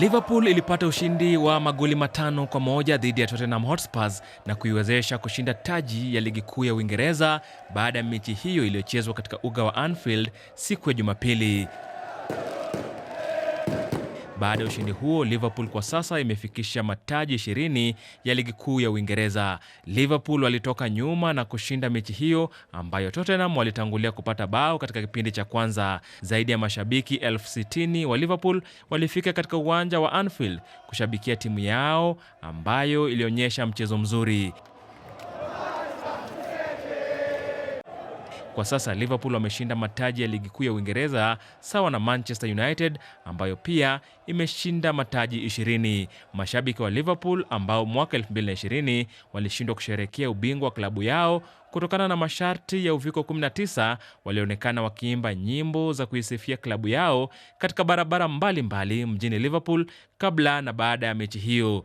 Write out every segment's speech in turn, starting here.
Liverpool ilipata ushindi wa magoli matano kwa moja dhidi ya Tottenham Hotspurs na kuiwezesha kushinda taji ya ligi kuu ya Uingereza baada ya mechi hiyo iliyochezwa katika uga wa Anfield siku ya Jumapili. Baada ya ushindi huo, Liverpool kwa sasa imefikisha mataji 20 ya ligi kuu ya Uingereza. Liverpool walitoka nyuma na kushinda mechi hiyo ambayo Tottenham walitangulia kupata bao katika kipindi cha kwanza. Zaidi ya mashabiki elfu sitini wa Liverpool walifika katika uwanja wa Anfield kushabikia timu yao ambayo ilionyesha mchezo mzuri. Kwa sasa Liverpool wameshinda mataji ya ligi kuu ya Uingereza sawa na Manchester United ambayo pia imeshinda mataji 20. Mashabiki wa Liverpool ambao mwaka 2020 walishindwa kusherehekea ubingwa wa klabu yao kutokana na masharti ya uviko 19 walionekana wakiimba nyimbo za kuisifia klabu yao katika barabara mbalimbali mbali mjini Liverpool kabla na baada ya mechi hiyo.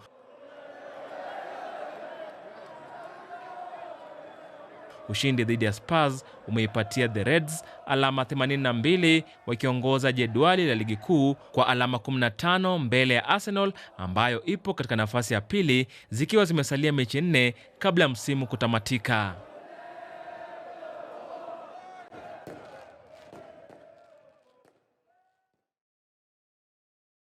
Ushindi dhidi ya Spurs umeipatia the Reds alama 82 wakiongoza jedwali la ligi kuu kwa alama 15 mbele ya Arsenal ambayo ipo katika nafasi ya pili zikiwa zimesalia mechi nne kabla ya msimu kutamatika.